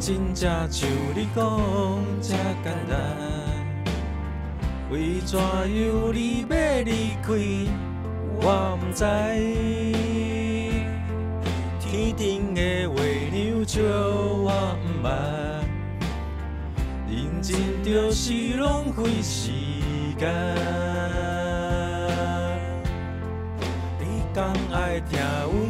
真正像你講這簡單，為怎樣你欲離開，我毋知。天頂的月亮真緩慢，認真着是浪費時間。你講愛聽我。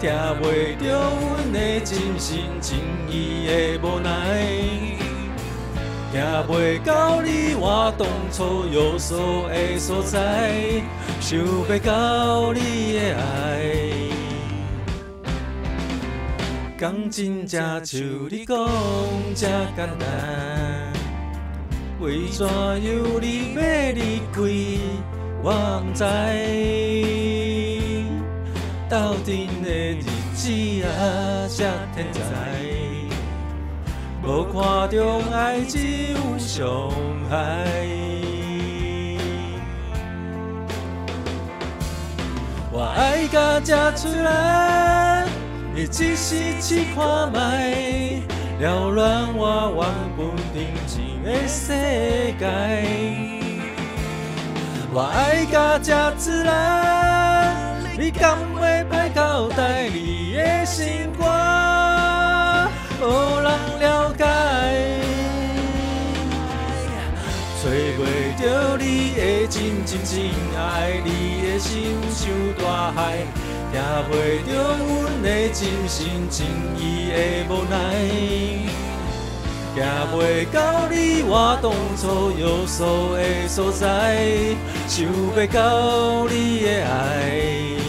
聽不到阮的真心真意的無奈，聽不到你我當初約束的所在，想袂到你的愛，講真正像你講這簡單，為怎樣你要離開，我唔知。到底的日子啊，天才天知，無看重愛情，只有傷害。 我愛到這出人，你只是試看麥，擾亂 我原本平靜的世界。 我愛到這出人。 你敢會歹交代，你的心我無人了解，哎、呀找袂到你的真真真愛，你的心像大海，聽袂到阮的真心真意的無奈，行袂到你我當初約束的所在，想袂到你的愛。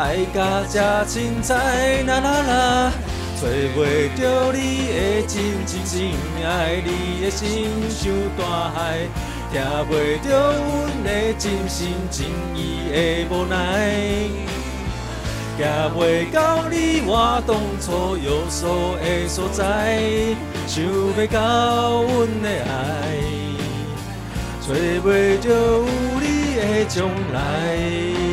愛甲這凊彩啦啦啦，找袂到你的真情真愛，你的心像大海。聽袂到阮的真心真意的無奈，找袂到你我當初約束的所在，想袂到阮的愛，找袂到有你的將來。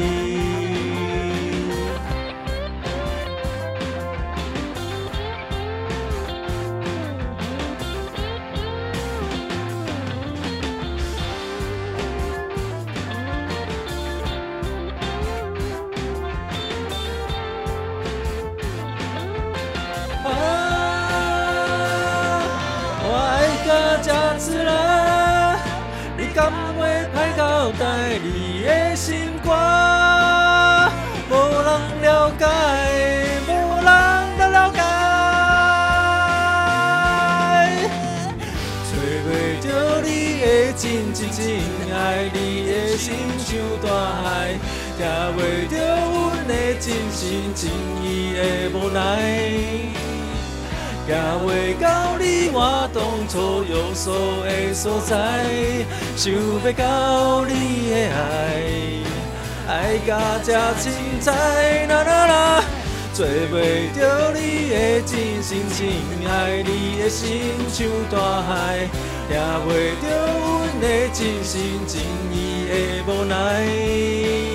敢話歹交代，你的心肝無人了解，無人能了解。找不到你的真真真愛，你的心像大海，聽不到阮的真心真意的無奈。行袂到你我當初約束的所在，想欲到你的愛，愛甲只青菜，啦啦啦，做不到你的真心真愛，你的心像大海，聽袂到阮的真心真意的無奈。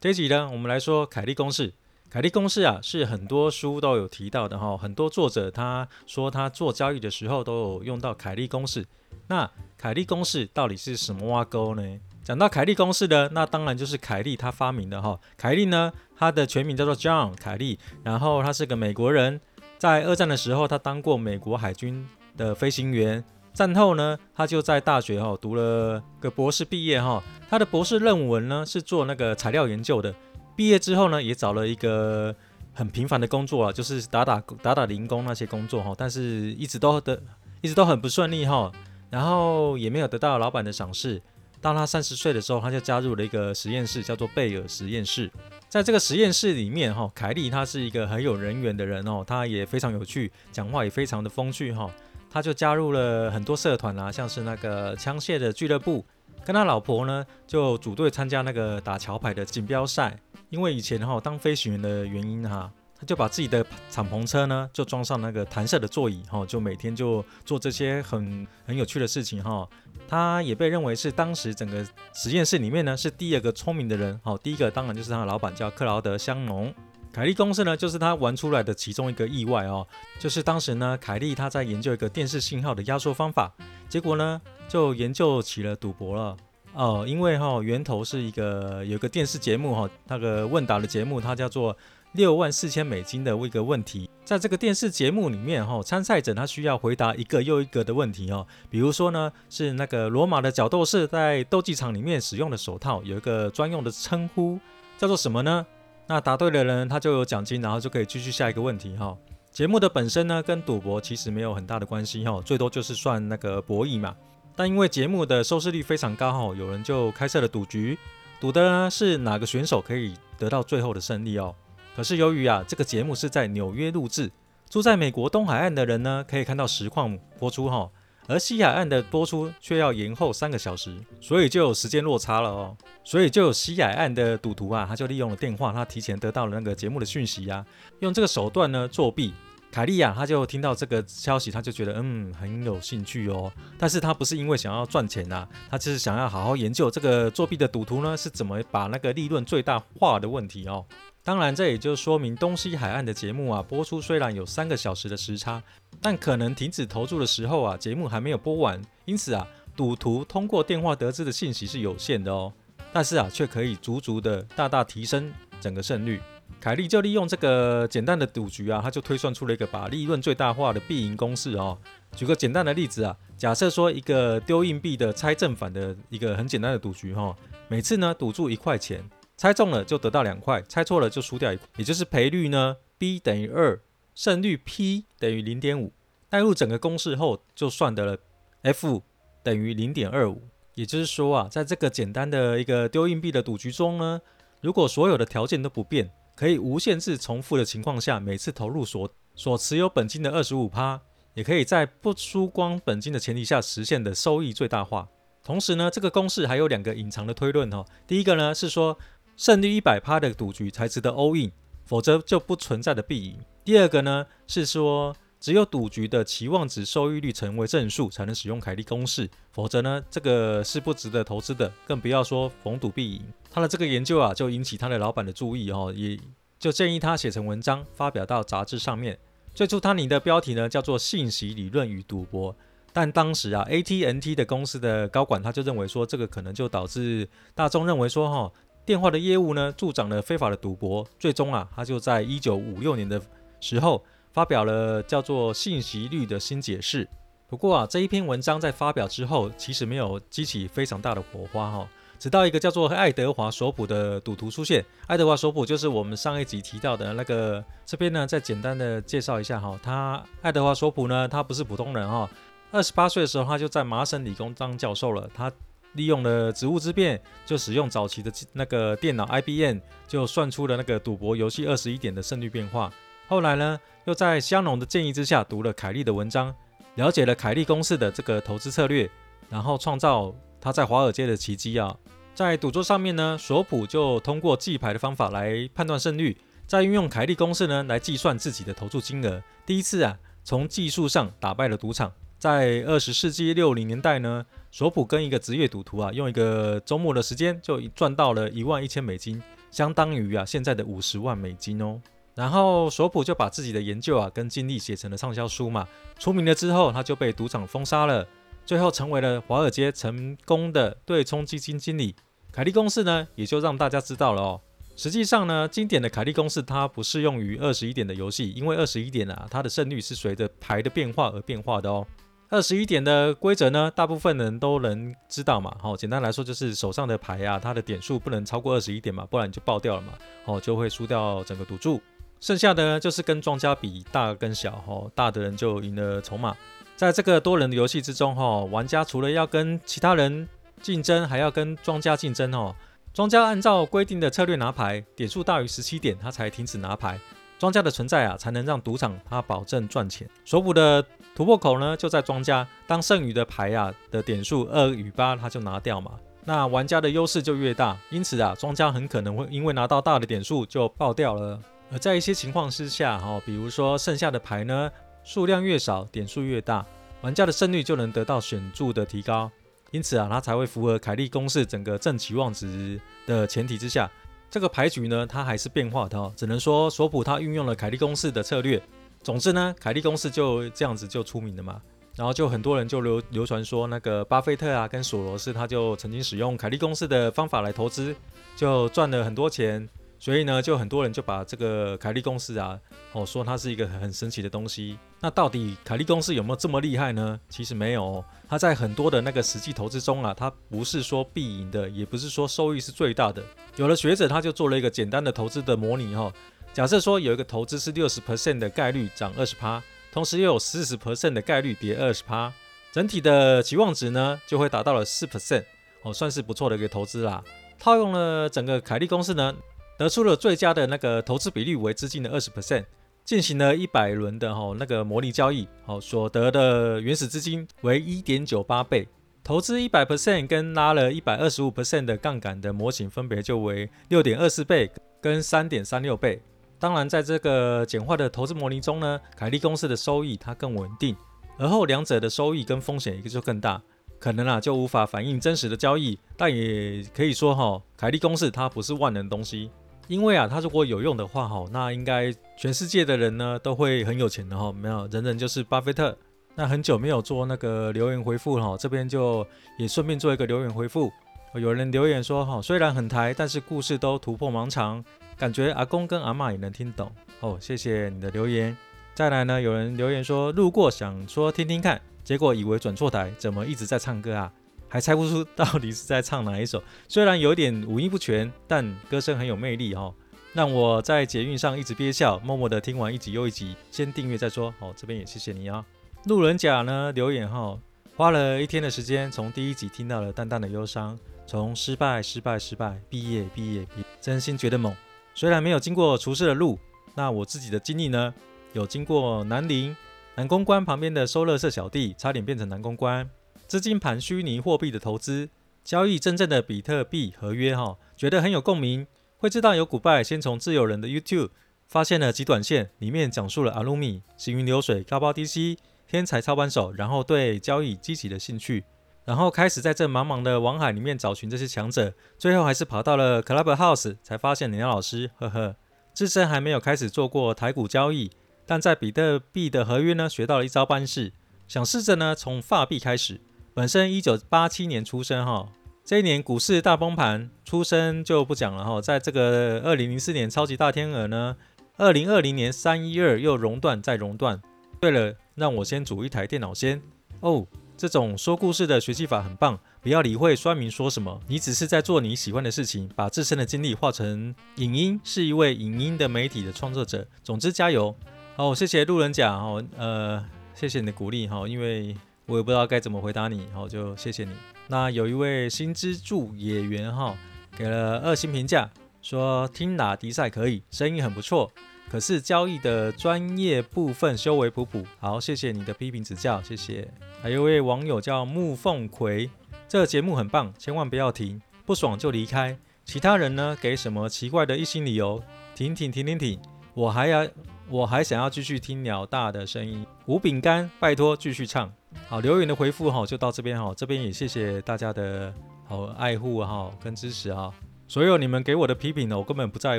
這一集呢，我們來說凱利公式。凱利公式啊，是很多書都有提到的哈、哦。很多作者他說他做交易的時候都有用到凱利公式。那凱利公式到底是什麼挖溝呢？講到凱利公式呢，那當然就是凱利他發明的哈、哦。凱利呢，他的全名叫做 John 凱利，然後他是個美國人，在二戰的時候他當過美國海軍的飛行員。戰後呢，他就在大學哈、哦、讀了個博士，畢業哈、哦。他的博士論文呢，是做那個材料研究的。畢業之後呢，也找了一個很平凡的工作啊，就是打打工、打打零工那些工作哈、哦。但是一直都的，一直都很不順利哈、哦，然後也沒有得到老闆的賞識。當他三十歲的時候，他就加入了一個實驗室，叫做貝爾實驗室。在這個實驗室裡面哈、哦，凱利他是一個很有人緣的人哦，他也非常有趣，講話也非常的風趣哈、哦。他就加入了很多社團啊，像是那個槍械的俱樂部，跟他老婆呢就組隊參加那個打橋牌的錦標賽。因為以前哈、哦、當飛行員的原因哈、啊，他就把自己的敞篷車呢就裝上那個彈射的座椅哈、哦，就每天就做這些很很有趣的事情哈、哦。他也被認為是當時整個實驗室裡面呢是第二個聰明的人，哈、哦，第一個當然就是他的老闆叫克勞德·香農。凱利公式呢，就是他玩出來的其中一個意外哦。就是當時呢，凱利他在研究一個電視信號的壓縮方法，結果呢就研究起了賭博了哦。因為哈、哦，源頭是一個有一個電視節目哈、哦，那個問答的節目，它叫做六萬四千美金的一個問題。在這個電視節目裡面哈、哦，參賽者他需要回答一個又一個的問題哦。比如說呢，是那個羅馬的角鬥士在鬥技場裡面使用的手套有一個專用的稱呼，叫做什麼呢？那答對的人，他就有獎金，然後就可以繼續下一個問題哈。節目的本身呢，跟賭博其實沒有很大的關係哈，最多就是算那個博弈嘛。但因為節目的收視率非常高哈，有人就開設了賭局，賭的是哪個選手可以得到最後的勝利哦。可是由於啊，這個節目是在紐約錄制，住在美國東海岸的人呢，可以看到實況播出哈。而西海岸的播出卻要延後三個小時，所以就有時間落差了哦。所以就有西海岸的賭徒啊，他就利用了電話，他提前得到了那個節目的訊息呀、啊，用這個手段呢作弊。凱利呀，他就聽到這個消息，他就覺得嗯很有興趣哦。但是他不是因為想要賺錢啊，他就是想要好好研究這個作弊的賭徒呢是怎麼把那個利潤最大化的問題哦。當然，這也就說明東西海岸的節目啊，播出雖然有三個小時的時差，但可能停止投注的時候啊，節目還沒有播完，因此啊，賭徒通過電話得知的信息是有限的哦。但是啊，卻可以足足的大大提升整個勝率。凱利就利用這個簡單的賭局啊，他就推算出了一個把利潤最大化的必贏公式哦。舉個簡單的例子啊，假設說一個丟硬幣的猜正反的一個很簡單的賭局哈、哦，每次呢賭注一塊錢。猜中了就得到兩塊，猜錯了就輸掉一塊，也就是賠率呢，b 等於二，勝率 p 等於零點五，代入整個公式後就算得了 f 等於零點二五，也就是說啊，在這個簡單的一個丟硬幣的賭局中呢，如果所有的條件都不變，可以無限制重複的情況下，每次投入所所持有本金的二十五趴，也可以在不輸光本金的前提下實現的收益最大化。同時呢，這個公式還有兩個隱藏的推論哈，第一個呢是說。勝率一百趴的賭局才值得 all in，否則就不存在的必贏。第二個呢是說，只有賭局的期望值收益率成為正數，才能使用凱利公式，否則呢這個是不值得投資的，更不要說逢賭必贏。他的這個研究啊，就引起他的老板的注意哦，也就建議他寫成文章發表到雜誌上面。最初他擬的標題呢叫做《信息理論與賭博》，但當時啊，AT&T 的公司的高管他就認為說，這個可能就導致大眾認為說哈、哦。電話的業務呢，助長了非法的賭博。最終啊，他就在一九五六年的時候發表了叫做《信息率的新解釋》。不過啊，這一篇文章在發表之後，其實沒有激起非常大的火花哈、哦。直到一個叫做愛德華·索普的賭徒出現。愛德華·索普就是我們上一集提到的那個。這邊呢，再簡單的介紹一下哈、哦，他愛德華·索普呢，他不是普通人哈、哦。二十八歲的時候，他就在麻省理工當教授了。他利用了職務之便，就使用早期的那個電腦 IBM，就算出了那個賭博遊戲二十一點的勝率變化。後來呢，又在香農的建議之下讀了凱利的文章，了解了凱利公式的這個投資策略，然後創造他在華爾街的奇蹟啊。在賭桌上面呢，索普就通過記牌的方法來判斷勝率，再運用凱利公式呢來計算自己的投注金額。第一次啊，從技術上打敗了賭場。在二十世紀六零年代呢，索普跟一個職業賭徒啊，用一個周末的時間就賺到了一萬一千美金，相當於啊現在的五十萬美金哦。然後索普就把自己的研究啊跟經歷寫成了暢銷書嘛。出名了之後，他就被賭場封殺了。最後成為了華爾街成功的對沖基金經理。凱利公式呢，也就讓大家知道了哦。實際上呢，經典的凱利公式它不適用於二十一點的遊戲，因為二十一點啊，它的勝率是隨着牌的變化而變化的哦。二十一點的規則呢，大部分人都能知道嘛。好、哦，簡單來說就是手上的牌呀、啊，它的點數不能超過二十一點嘛，不然你就爆掉了嘛，哦，就會輸掉整個賭注。剩下的就是跟莊家比大跟小，吼、哦，大的人就贏了籌碼。在這個多人的遊戲之中，吼、哦，玩家除了要跟其他人競爭，還要跟莊家競爭，哦，莊家按照規定的策略拿牌，點數大於十七點，他才停止拿牌。莊家的存在啊，才能讓賭場它保證賺錢。索普的突破口呢，就在莊家當剩餘的牌啊的點數二與八，它就拿掉嘛。那玩家的優勢就越大，因此啊，莊家很可能會因為拿到大的點數就爆掉了。而在一些情況之下，哈，比如說剩下的牌呢數量越少，點數越大，玩家的勝率就能得到顯著的提高。因此啊，它才會符合凱利公式整個正期望值的前提之下。這個牌局呢，它還是變化的哦。只能說索普他運用了凱利公式的策略。總之呢，凱利公式就這樣子就出名了嘛。然後就很多人就流流傳說，那個巴菲特啊跟索羅斯他就曾經使用凱利公式的方法來投資，就賺了很多錢。所以呢，就很多人就把這個凱利公式啊，哦，說它是一個很神奇的東西。那到底凱利公式有沒有這麼厲害呢？其實沒有哦，它在很多的那個實際投資中啊，它不是說必贏的，也不是說收益是最大的。有的學者，他就做了一個簡單的投資的模擬哦。假設說有一個投資是六十 percent 的概率漲二十趴，同時又有四十 percent 的概率跌二十趴，整體的期望值呢就會達到了四 percent，哦，算是不錯的一個投資啦。套用了整個凱利公式呢。得出了最佳的那個投資比例為資金的二十 percent，進行了一百輪的哈、哦、那個模擬交易，哦，所得的原始資金為一點九八倍，投資一百 percent 跟拉了一百二十五 percent 的槓桿的模型分別就為六點二四倍跟三點三六倍。當然在這個簡化的投資模擬中呢，凱利公式的收益它更穩定，而後兩者的收益跟風險也就更大，可能啊就無法反映真實的交易，但也可以說、哦、凱利公式它不是萬能東西。因為啊，他如果有用的話哈，那應該全世界的人呢都會很有錢的哈。沒有，人人就是巴菲特。那很久沒有做那個留言回覆哈，這邊就也順便做一個留言回覆。有人留言說哈，雖然很台，但是故事都突破盲腸，感覺阿公跟阿嬤也能聽懂哦。謝謝你的留言。再來呢，有人留言說，路過想說聽聽看，結果以為轉錯台，怎麼一直在唱歌啊？還猜不出到底是在唱哪一首，雖然有點五音不全，但歌聲很有魅力哦。讓我在捷運上一直憋笑，默默地聽完一集又一集。先訂閱再說，好、哦，這邊也謝謝你啊、哦。路人甲呢留言哈、哦，花了一天的時間，從第一集聽到了淡淡的憂傷，從失敗、失敗、失敗，畢業、畢業、畢業，真心覺得猛。雖然沒有經過廚師的路，那我自己的經歷呢，有經過南寧南公關旁邊的收垃圾小弟，差點變成南公關。資金盤、虛擬貨幣的投資交易，真正的比特幣合約、哦，哈，覺得很有共鳴。會知道有古拜先從自由人的 YouTube 發現了極短線，裡面講述了阿魯米行雲流水、高拋低吸、天才操盤手，然後對交易激起了興趣，然後開始在這茫茫的網海裡面找尋這些強者，最後還是跑到了 Clubhouse 才發現林老師。呵呵，自身還沒有開始做過台股交易，但在比特幣的合約呢，學到了一招半式，想試着呢從發幣開始。本身一九八七年出生哈，這一年股市大崩盤，出生就不講了哈。在這個二零零四年超級大天鵝呢，二零二零年三一二又熔斷再熔斷。對了，讓我先組一台電腦先哦。這種說故事的學習法很棒，不要理會酸民說什麼，你只是在做你喜歡的事情，把自身的經歷化成影音，是一位影音的媒體的創作者。總之加油。好、哦，謝謝路人甲哈、哦，呃，謝謝你的鼓勵哈，因為。我也不知道該怎麼回答你，然後就謝謝你。那有一位新資助演員哈、哦，給了二星評價，說聽哪迪賽可以，聲音很不錯，可是交易的專業部分修為普普。好，謝謝你的批評指教，謝謝。還有一位網友叫木鳳葵，這個、節目很棒，千萬不要停，不爽就離開。其他人呢，給什麼奇怪的一星理由？停停停停停！我還要，我還想要繼續聽鳥大的聲音。吳餅乾，拜託繼續唱。好，留言的回復哈、哦、就到這邊哈、哦，這邊也謝謝大家的好愛護哈、哦、跟支持啊、哦，所有你們給我的批評呢，我根本不在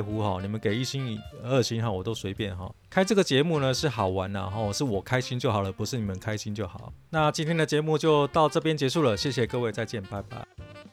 乎哈、哦，你們給一星、二星哈我都隨便哈、哦。開這個節目呢是好玩的、啊、哈、哦，是我開心就好了，不是你們開心就好。那今天的節目就到這邊結束了，謝謝各位，再見，拜拜。